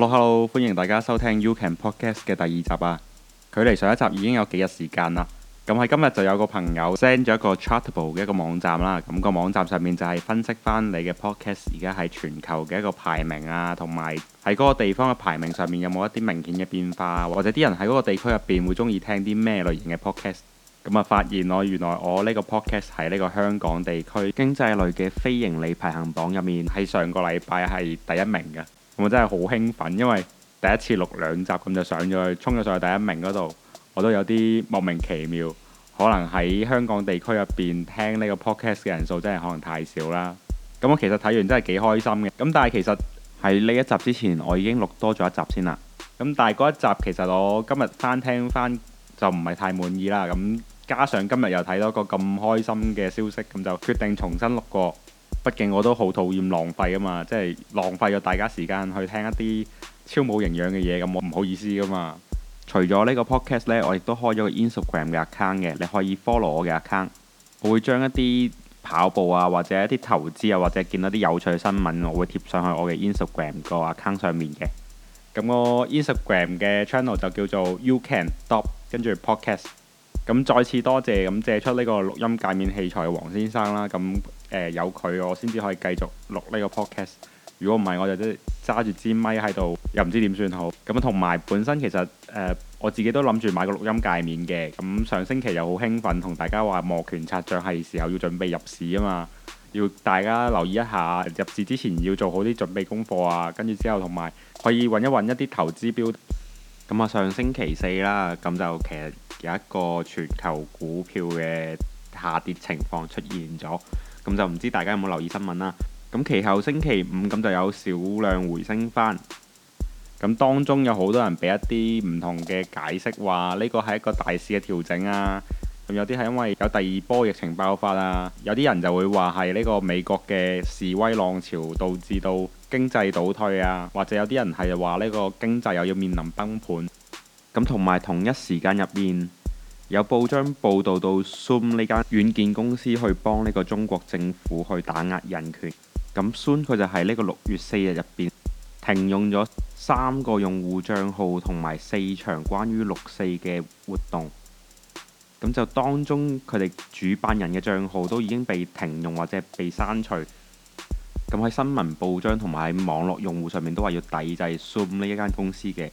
Hello，Hello，歡迎大家收聽 You Can Podcast 嘅第二集啊！距離上一集已經有幾日時間啦。咁喺今日就有個朋友 send 咗一個 Chartable 嘅一個網站啦。咁個網站上面就係分析返你嘅 podcast 而家喺全球嘅一個排名啊，同埋喺嗰個地方嘅排名上面有冇一啲明顯嘅變化，或者啲人喺嗰個地區入邊會中意聽啲咩類型嘅 podcast。咁啊，發現我原來我呢個 podcast 喺呢個香港地區經濟類嘅非盈利排行榜入面，喺上個禮拜係第一名嘅。我真係好興奮，因為第一次錄兩集咁就上咗去，衝咗上去第一名嗰度，我都有啲莫名其妙。可能喺香港地區入邊聽呢個 Podcast 嘅人數真係可能太少啦。咁我其實睇完真係幾開心嘅。咁但係其實喺呢一集之前，我已經錄多咗一集先啦。咁但係嗰一集其實我今日翻聽翻就唔係太滿意啦。咁加上今日又睇到個咁開心嘅消息，咁就決定重新錄過。畢竟我都好討厭浪費啊嘛，即係浪費咗大家時間去聽一啲超冇營養嘅嘢，咁我唔好意思噶嘛。除咗呢個 podcast 呢，我亦都開咗個 Instagram 嘅 account 嘅，你可以 follow 我嘅 account。我會將一啲跑步啊，或者一啲投資啊，或者見到啲有趣新聞，我會貼上去我嘅 Instagram 個 account 上面嘅。咁我 Instagram 嘅 channel 就叫做 You Can Stop，跟住 podcast。咁再次多謝咁借出呢個錄音介面器材嘅黃先生啦。咁誒、呃、有佢我先至可以繼續錄呢個 podcast。如果唔係，我就都揸住支咪喺度，又唔知點算好。咁同埋本身其實誒、呃、我自己都諗住買個錄音界面嘅。咁上星期又好興奮，同大家話摩拳擦掌係時候要準備入市啊嘛，要大家留意一下，入市之前要做好啲準備功課啊。跟住之後同埋可以揾一揾一啲投資標。咁啊，上星期四啦，咁就其實有一個全球股票嘅。下跌情況出現咗，咁就唔知大家有冇留意新聞啦。咁其後星期五咁就有少量回升返。咁當中有好多人俾一啲唔同嘅解釋，話呢個係一個大市嘅調整啊。咁有啲係因為有第二波疫情爆發啊，有啲人就會話係呢個美國嘅示威浪潮導致到經濟倒退啊，或者有啲人係話呢個經濟又要面臨崩盤。咁同埋同一時間入面。有報章報導到 Zoom 呢間軟件公司去幫呢個中國政府去打壓人權，咁 Zoom 佢就喺呢個六月四日入邊停用咗三個用戶帳號同埋四場關於六四嘅活動，咁就當中佢哋主辦人嘅帳號都已經被停用或者被刪除，咁喺新聞報章同埋喺網絡用戶上面都話要抵制 Zoom 呢一間公司嘅。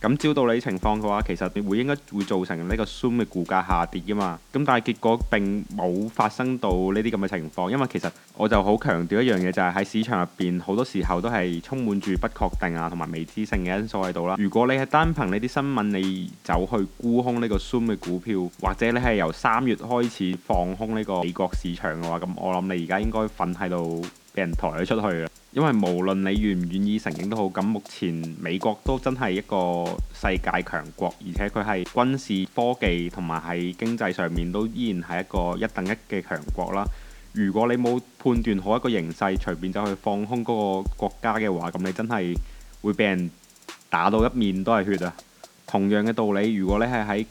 咁照道理情況嘅話，其實會應該會造成呢個 Zoom 嘅股價下跌嘅嘛。咁但係結果並冇發生到呢啲咁嘅情況，因為其實我就好強調一樣嘢，就係喺市場入邊好多時候都係充滿住不確定啊同埋未知性嘅因素喺度啦。如果你係單憑呢啲新聞你走去沽空呢個 Zoom 嘅股票，或者你係由三月開始放空呢個美國市場嘅話，咁我諗你而家應該瞓喺度。俾人抬咗出去啊！因為無論你願唔願意承認都好，咁目前美國都真係一個世界強國，而且佢係軍事科技同埋喺經濟上面都依然係一個一等一嘅強國啦。如果你冇判斷好一個形勢，隨便走去放空嗰個國家嘅話，咁你真係會俾人打到一面都係血啊！同樣嘅道理，如果你係喺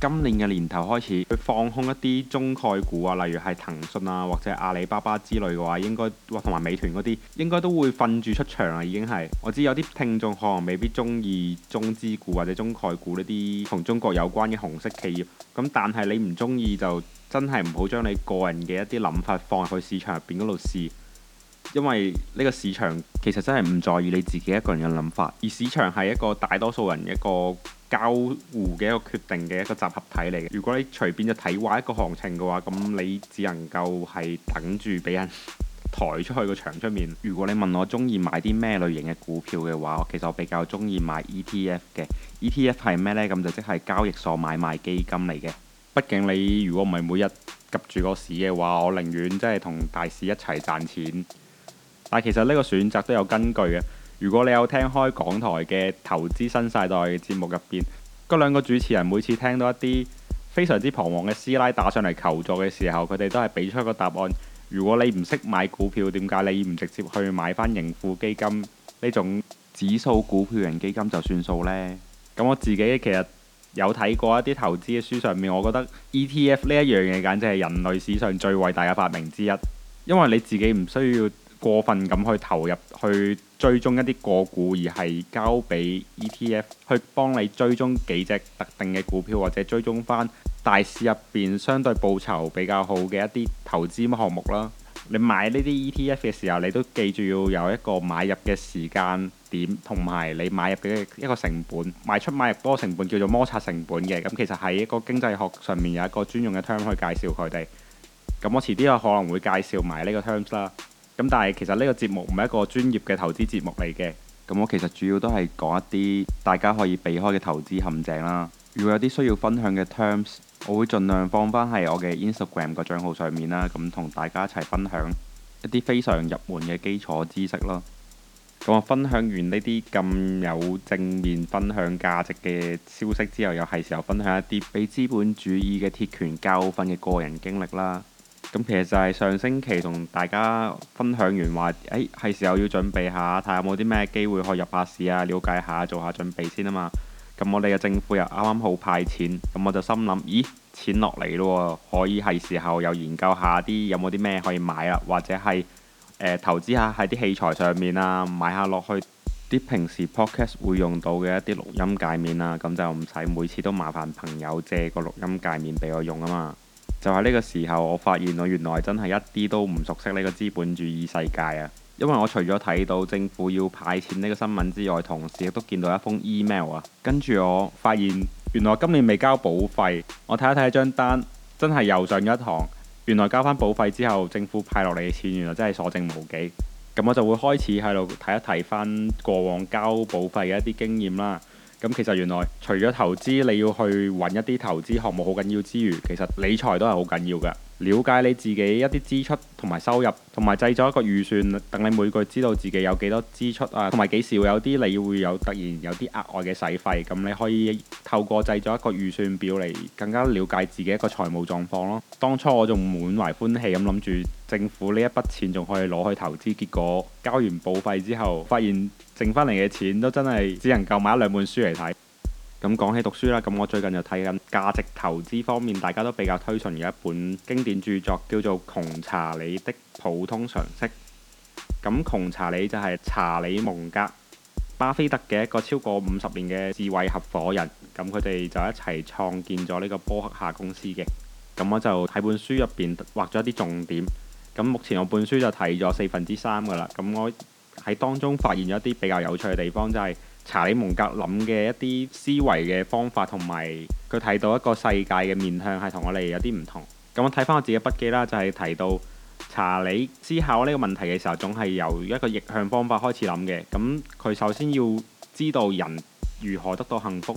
今年嘅年頭開始佢放空一啲中概股啊，例如係騰訊啊，或者阿里巴巴之類嘅話，應該同埋美團嗰啲，應該都會瞓住出場啊。已經係。我知有啲聽眾可能未必中意中資股或者中概股呢啲同中國有關嘅紅色企業，咁但係你唔中意就真係唔好將你個人嘅一啲諗法放去市場入邊嗰度試，因為呢個市場其實真係唔在意你自己一個人嘅諗法，而市場係一個大多數人一個。交互嘅一個決定嘅一個集合體嚟嘅。如果你隨便就睇壞一個行情嘅話，咁你只能夠係等住俾人抬出去個場出面。如果你問我中意買啲咩類型嘅股票嘅話，其實我比較中意買 ET ETF 嘅。ETF 係咩呢？咁就即係交易所買賣基金嚟嘅。畢竟你如果唔係每日急住個市嘅話，我寧願即係同大市一齊賺錢。但其實呢個選擇都有根據嘅。如果你有聽開港台嘅投資新世代嘅節目入邊，嗰兩個主持人每次聽到一啲非常之彷徨嘅師奶打上嚟求助嘅時候，佢哋都係俾出一個答案。「如果你唔識買股票，點解你唔直接去買翻盈富基金呢種指數股票型基金就算數呢？」咁我自己其實有睇過一啲投資嘅書上面，我覺得 ETF 呢一樣嘢簡直係人類史上最偉大嘅發明之一，因為你自己唔需要。過分咁去投入去追蹤一啲個股，而係交俾 ETF 去幫你追蹤幾隻特定嘅股票，或者追蹤翻大市入邊相對報酬比較好嘅一啲投資項目啦。你買呢啲 ETF 嘅時候，你都記住要有一個買入嘅時間點，同埋你買入嘅一個成本。賣出買入多成本叫做摩擦成本嘅，咁其實喺一個經濟學上面有一個專用嘅 term 去介紹佢哋。咁我遲啲可能會介紹埋呢個 terms 啦。咁但係其實呢個節目唔係一個專業嘅投資節目嚟嘅，咁我其實主要都係講一啲大家可以避開嘅投資陷阱啦。如果有啲需要分享嘅 terms，我會盡量放翻喺我嘅 Instagram 個帳號上面啦，咁同大家一齊分享一啲非常入門嘅基礎知識咯。咁我分享完呢啲咁有正面分享價值嘅消息之後，又係時候分享一啲俾資本主義嘅鐵拳教訓嘅個人經歷啦。咁其實就係上星期同大家分享完，話誒係時候要準備下，睇下有冇啲咩機會可以入下市啊，了解下做下準備先啊嘛。咁我哋嘅政府又啱啱好派錢，咁我就心諗，咦，錢落嚟咯，可以係時候又研究下啲有冇啲咩可以買啊，或者係誒、呃、投資下喺啲器材上面啊，買下落去啲平時 podcast 會用到嘅一啲錄音界面啊，咁就唔使每次都麻煩朋友借個錄音界面俾我用啊嘛。就喺呢個時候，我發現我原來真係一啲都唔熟悉呢個資本主義世界啊！因為我除咗睇到政府要派錢呢個新聞之外，同時亦都見到一封 email 啊。跟住我發現原來我今年未交保費，我睇一睇張單，真係又上咗一堂。原來交翻保費之後，政府派落嚟嘅錢，原來真係所剩無幾。咁我就會開始喺度睇一睇翻過往交保費嘅一啲經驗啦。咁其實原來除咗投資，你要去揾一啲投資項目好緊要之餘，其實理財都係好緊要㗎。了解你自己一啲支出同埋收入，同埋製作一個預算，等你每個月知道自己有幾多支出啊，同埋幾時會有啲你會有突然有啲額外嘅使費，咁你可以透過製作一個預算表嚟更加了解自己一個財務狀況咯。當初我仲滿懷歡喜咁諗住政府呢一筆錢仲可以攞去投資，結果交完保費之後，發現剩翻嚟嘅錢都真係只能夠買一兩本書嚟睇。咁講起讀書啦，咁我最近就睇緊價值投資方面大家都比較推崇嘅一本經典著作，叫做《窮查理的普通常識》。咁窮查理就係查理蒙格、巴菲特嘅一個超過五十年嘅智慧合夥人。咁佢哋就一齊創建咗呢個波克夏公司嘅。咁我就喺本書入邊畫咗一啲重點。咁目前我本書就睇咗四分之三噶啦。咁我喺當中發現咗一啲比較有趣嘅地方，就係、是。查理蒙格諗嘅一啲思維嘅方法，同埋佢睇到一個世界嘅面向，係同我哋有啲唔同。咁我睇翻我自己筆記啦，就係提到查理思考呢個問題嘅時候，總係由一個逆向方法開始諗嘅。咁佢首先要知道人如何得到幸福，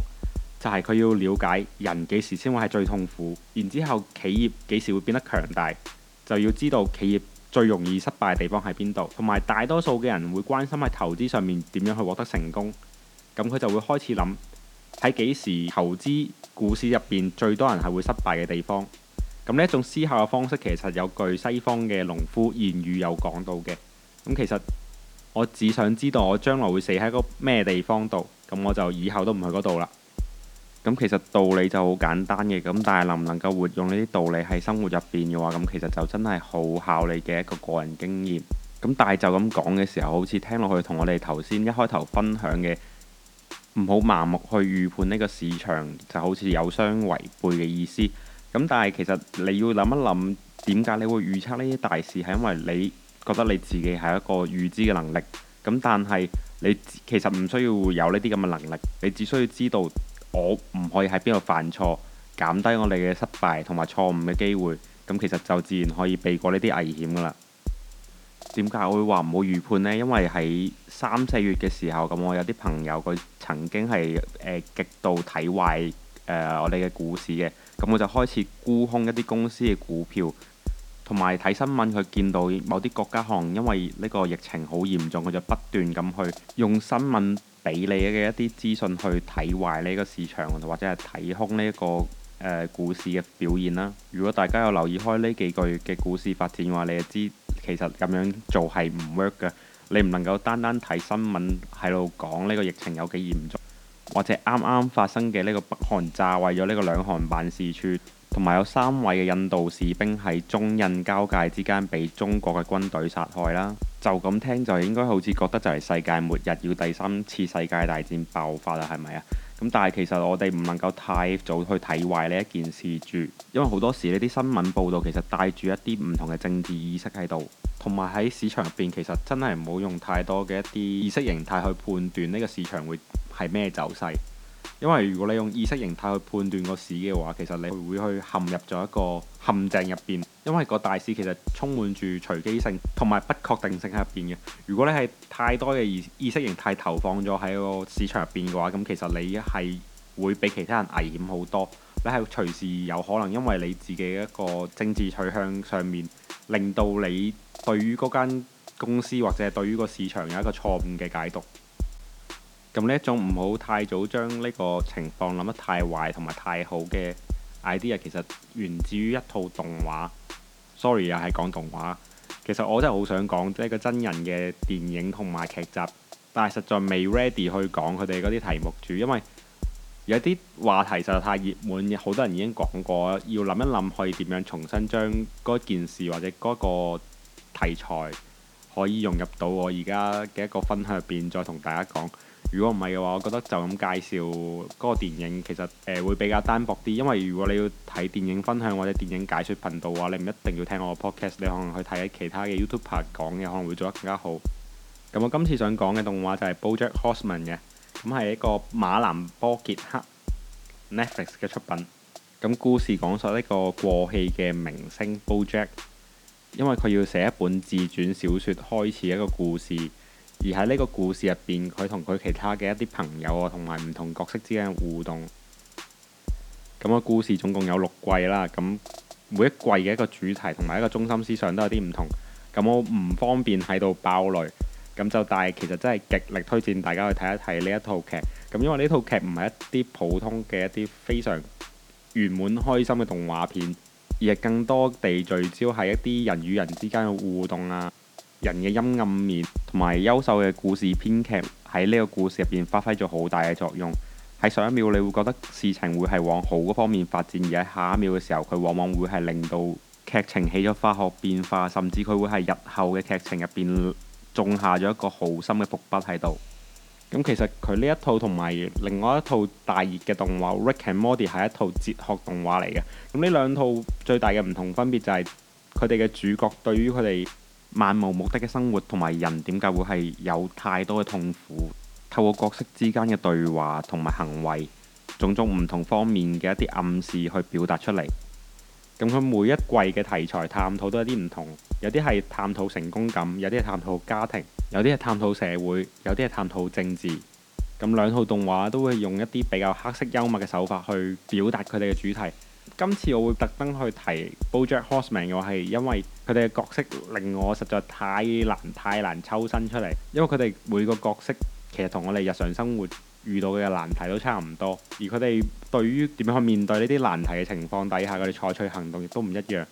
就係佢要了解人幾時先會係最痛苦。然之後企業幾時會變得強大，就要知道企業最容易失敗嘅地方喺邊度。同埋大多數嘅人會關心喺投資上面點樣去獲得成功。咁佢就會開始諗喺幾時投資股市入邊最多人係會失敗嘅地方。咁呢一種思考嘅方式其實有句西方嘅農夫言語有講到嘅。咁其實我只想知道我將來會死喺一個咩地方度，咁我就以後都唔去嗰度啦。咁其實道理就好簡單嘅，咁但係能唔能夠活用呢啲道理喺生活入邊嘅話，咁其實就真係好考你嘅一個個人經驗。咁但係就咁講嘅時候，好似聽落去同我哋頭先一開頭分享嘅。唔好盲目去預判呢個市場，就好似有相違背嘅意思。咁但係其實你要諗一諗，點解你會預測呢啲大事係因為你覺得你自己係一個預知嘅能力。咁但係你其實唔需要有呢啲咁嘅能力，你只需要知道我唔可以喺邊度犯錯，減低我哋嘅失敗同埋錯誤嘅機會。咁其實就自然可以避過呢啲危險㗎啦。點解我會話唔好預判呢？因為喺三四月嘅時候咁，我有啲朋友佢曾經係誒極度睇壞誒我哋嘅股市嘅，咁我就開始沽空一啲公司嘅股票，同埋睇新聞，佢見到某啲國家可能因為呢個疫情好嚴重，佢就不斷咁去用新聞俾你嘅一啲資訊去睇壞呢個市場，或者係睇空呢個誒、呃、股市嘅表現啦。如果大家有留意開呢幾個月嘅股市發展嘅話，你就知。其實咁樣做係唔 work 嘅，你唔能夠單單睇新聞喺度講呢個疫情有幾嚴重，或者啱啱發生嘅呢個北韓炸毀咗呢個兩韓辦事處，同埋有，有三位嘅印度士兵喺中印交界之間被中國嘅軍隊殺害啦。就咁聽就應該好似覺得就係世界末日要第三次世界大戰爆發啦，係咪啊？咁但係其實我哋唔能夠太早去睇壞呢一件事住，因為好多時呢啲新聞報導其實帶住一啲唔同嘅政治意識喺度，同埋喺市場入邊其實真係唔好用太多嘅一啲意識形態去判斷呢個市場會係咩走勢。因為如果你用意識形態去判斷個市嘅話，其實你會去陷入咗一個陷阱入邊。因為個大市其實充滿住隨機性同埋不確定性喺入邊嘅。如果你係太多嘅意識形態投放咗喺個市場入邊嘅話，咁其實你係會比其他人危險好多。你係隨時有可能因為你自己一個政治取向上面，令到你對於嗰間公司或者係對於個市場有一個錯誤嘅解讀。咁呢一種唔好太早將呢個情況諗得太壞同埋太好嘅 idea，其實源自於一套動畫。Sorry 又係講動畫。其實我真係好想講即係個真人嘅電影同埋劇集，但係實在未 ready 去講佢哋嗰啲題目住，因為有啲話題實在太熱門，好多人已經講過，要諗一諗可以點樣重新將嗰件事或者嗰個題材可以融入到我而家嘅一個分享入邊，再同大家講。如果唔係嘅話，我覺得就咁介紹嗰個電影其實誒、呃、會比較單薄啲，因為如果你要睇電影分享或者電影解說頻道嘅話，你唔一定要聽我嘅 podcast，你可能去睇其他嘅 YouTuber 講嘅可能會做得更加好。咁我今次想講嘅動畫就係 BoJack Horseman 嘅，咁係一個馬男波傑克 Netflix 嘅出品。咁故事講述一個過氣嘅明星 BoJack 因為佢要寫一本自傳小説開始一個故事。而喺呢個故事入邊，佢同佢其他嘅一啲朋友啊，同埋唔同角色之間嘅互動。咁個故事總共有六季啦。咁每一季嘅一個主題同埋一個中心思想都有啲唔同。咁我唔方便喺度爆雷，咁就但係其實真係極力推薦大家去睇一睇呢一套劇。咁因為呢套劇唔係一啲普通嘅一啲非常圓滿開心嘅動畫片，而係更多地聚焦係一啲人與人之間嘅互動啊。人嘅陰暗面，同埋優秀嘅故事編劇喺呢個故事入邊發揮咗好大嘅作用。喺上一秒你會覺得事情會係往好嘅方面發展，而喺下一秒嘅時候，佢往往會係令到劇情起咗化學變化，甚至佢會係日後嘅劇情入邊種下咗一個好深嘅伏筆喺度。咁其實佢呢一套同埋另外一套大熱嘅動畫《Rick and Morty》係一套哲學動畫嚟嘅。咁呢兩套最大嘅唔同分別就係佢哋嘅主角對於佢哋。漫無目的嘅生活同埋人點解會係有太多嘅痛苦，透過角色之間嘅對話同埋行為，種種唔同方面嘅一啲暗示去表達出嚟。咁、嗯、佢每一季嘅題材探討都有啲唔同，有啲係探討成功感，有啲係探討家庭，有啲係探討社會，有啲係探討政治。咁、嗯、兩套動畫都會用一啲比較黑色幽默嘅手法去表達佢哋嘅主題。今次我會特登去提《BoJack Horseman》我係因為，佢哋嘅角色令我實在太難太難抽身出嚟，因為佢哋每個角色其實同我哋日常生活遇到嘅難題都差唔多，而佢哋對於點樣去面對呢啲難題嘅情況底下，佢哋採取行動亦都唔一樣。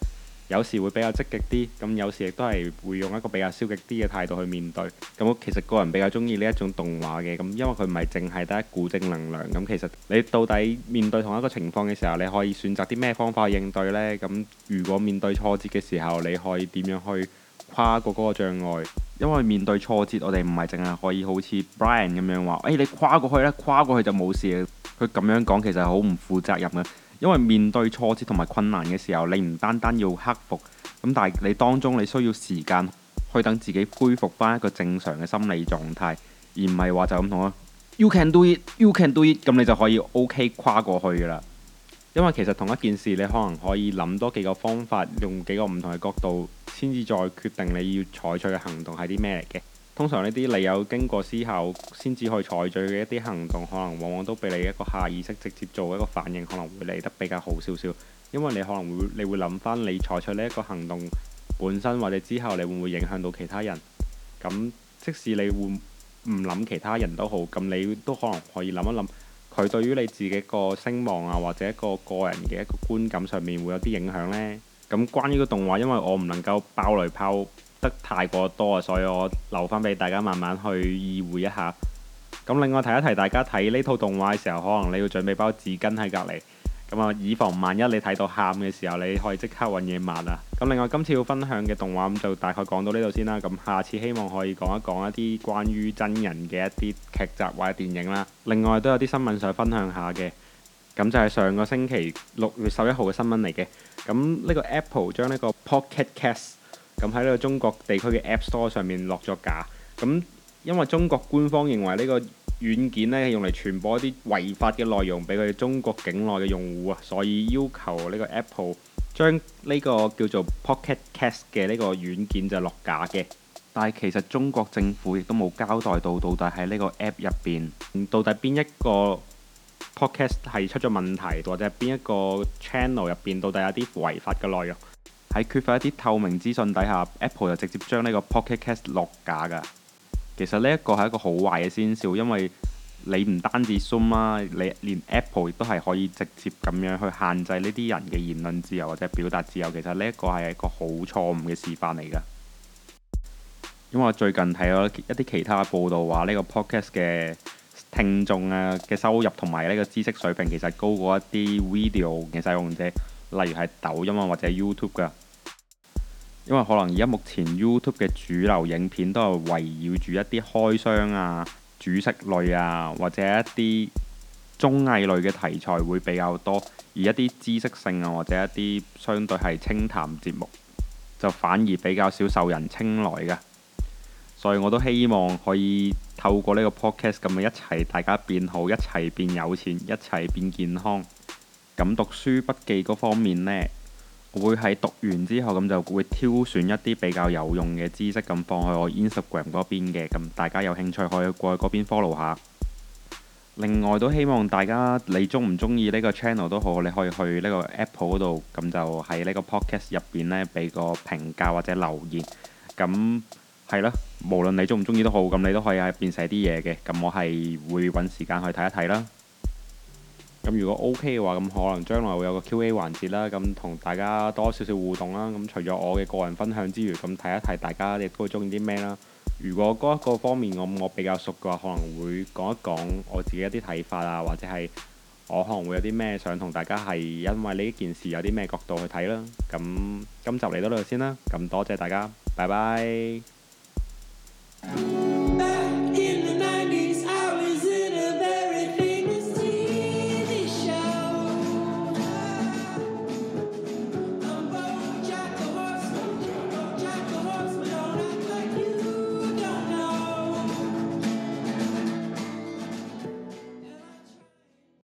有時會比較積極啲，咁有時亦都係會用一個比較消極啲嘅態度去面對。咁我其實個人比較中意呢一種動畫嘅，咁因為佢唔係淨係得一股正能量。咁其實你到底面對同一個情況嘅時候，你可以選擇啲咩方法去應對呢？咁如果面對挫折嘅時候，你可以點樣去跨過嗰個障礙？因為面對挫折，我哋唔係淨係可以好似 Brian 咁樣話，誒、欸、你跨過去咧，跨過去就冇事。佢咁樣講其實好唔負責任嘅。因為面對挫折同埋困難嘅時候，你唔單單要克服咁，但係你當中你需要時間去等自己恢復翻一個正常嘅心理狀態，而唔係話就咁同啊。You can do it, you can do it，咁你就可以 OK 跨過去噶啦。因為其實同一件事，你可能可以諗多幾個方法，用幾個唔同嘅角度，先至再決定你要採取嘅行動係啲咩嚟嘅。通常呢啲你有經過思考先至去採取嘅一啲行動，可能往往都比你一個下意識直接做一個反應可能會嚟得比較好少少。因為你可能會你會諗翻你採取呢一個行動本身或者之後你會唔會影響到其他人？咁即使你會唔諗其他人都好，咁你都可能可以諗一諗佢對於你自己個聲望啊或者一個個人嘅一個觀感上面會有啲影響呢。咁關於個動畫，因為我唔能夠爆雷炮。得太過多啊，所以我留翻俾大家慢慢去意會一下。咁另外提一提，大家睇呢套動畫嘅時候，可能你要準備包紙巾喺隔離，咁啊以防萬一你睇到喊嘅時候，你可以即刻揾嘢抹啊。咁另外今次要分享嘅動畫咁就大概講到呢度先啦。咁下次希望可以講一講一啲關於真人嘅一啲劇集或者電影啦。另外都有啲新聞想分享下嘅，咁就係上個星期六月十一號嘅新聞嚟嘅。咁呢個 Apple 將呢個 Pocket Cast。咁喺呢個中國地區嘅 App Store 上面落咗架，咁因為中國官方認為呢個軟件呢係用嚟傳播一啲違法嘅內容俾佢哋中國境內嘅用戶啊，所以要求呢個 Apple 將呢個叫做 Pocket Cast 嘅呢個軟件就落架嘅。但係其實中國政府亦都冇交代到到底喺呢個 App 入邊，到底邊一個 Podcast 係出咗問題，或者邊一個 Channel 入邊到底有啲違法嘅內容。喺缺乏一啲透明資訊底下，Apple 就直接將呢個 Pocket Cast 落架㗎。其實呢一個係一個好壞嘅先兆，因為你唔單止 Zoom 啦，你連 Apple 都係可以直接咁樣去限制呢啲人嘅言論自由或者表達自由。其實呢一個係一個好錯誤嘅示範嚟㗎。因為我最近睇咗一啲其他嘅報道話，呢個 Podcast 嘅聽眾啊嘅收入同埋呢個知識水平其實高過一啲 video 嘅使用者，例如係抖音啊或者 YouTube 㗎。因為可能而家目前 YouTube 嘅主流影片都係圍繞住一啲開箱啊、煮食類啊或者一啲綜藝類嘅題材會比較多，而一啲知識性啊或者一啲相對係清談節目就反而比較少受人青睞嘅。所以我都希望可以透過呢個 Podcast 咁樣一齊大家變好，一齊變有錢，一齊變健康。咁讀書筆記嗰方面呢。會喺讀完之後咁就會挑選一啲比較有用嘅知識咁放喺我 Instagram 嗰邊嘅，咁大家有興趣可以過去嗰邊 follow 下。另外都希望大家你中唔中意呢個 channel 都好，你可以去個個呢個 Apple 嗰度咁就喺呢個 Podcast 入邊呢俾個評價或者留言。咁係咯，無論你中唔中意都好，咁你都可以喺入邊寫啲嘢嘅。咁我係會揾時間去睇一睇啦。咁如果 OK 嘅話，咁可能將來會有個 Q&A 環節啦，咁同大家多少少互動啦。咁除咗我嘅個人分享之餘，咁睇一睇大家亦都會中意啲咩啦。如果嗰一個方面我我比較熟嘅話，可能會講一講我自己一啲睇法啊，或者係我可能會有啲咩想同大家係因為呢件事有啲咩角度去睇啦。咁今集嚟到呢度先啦，咁多謝大家，拜拜。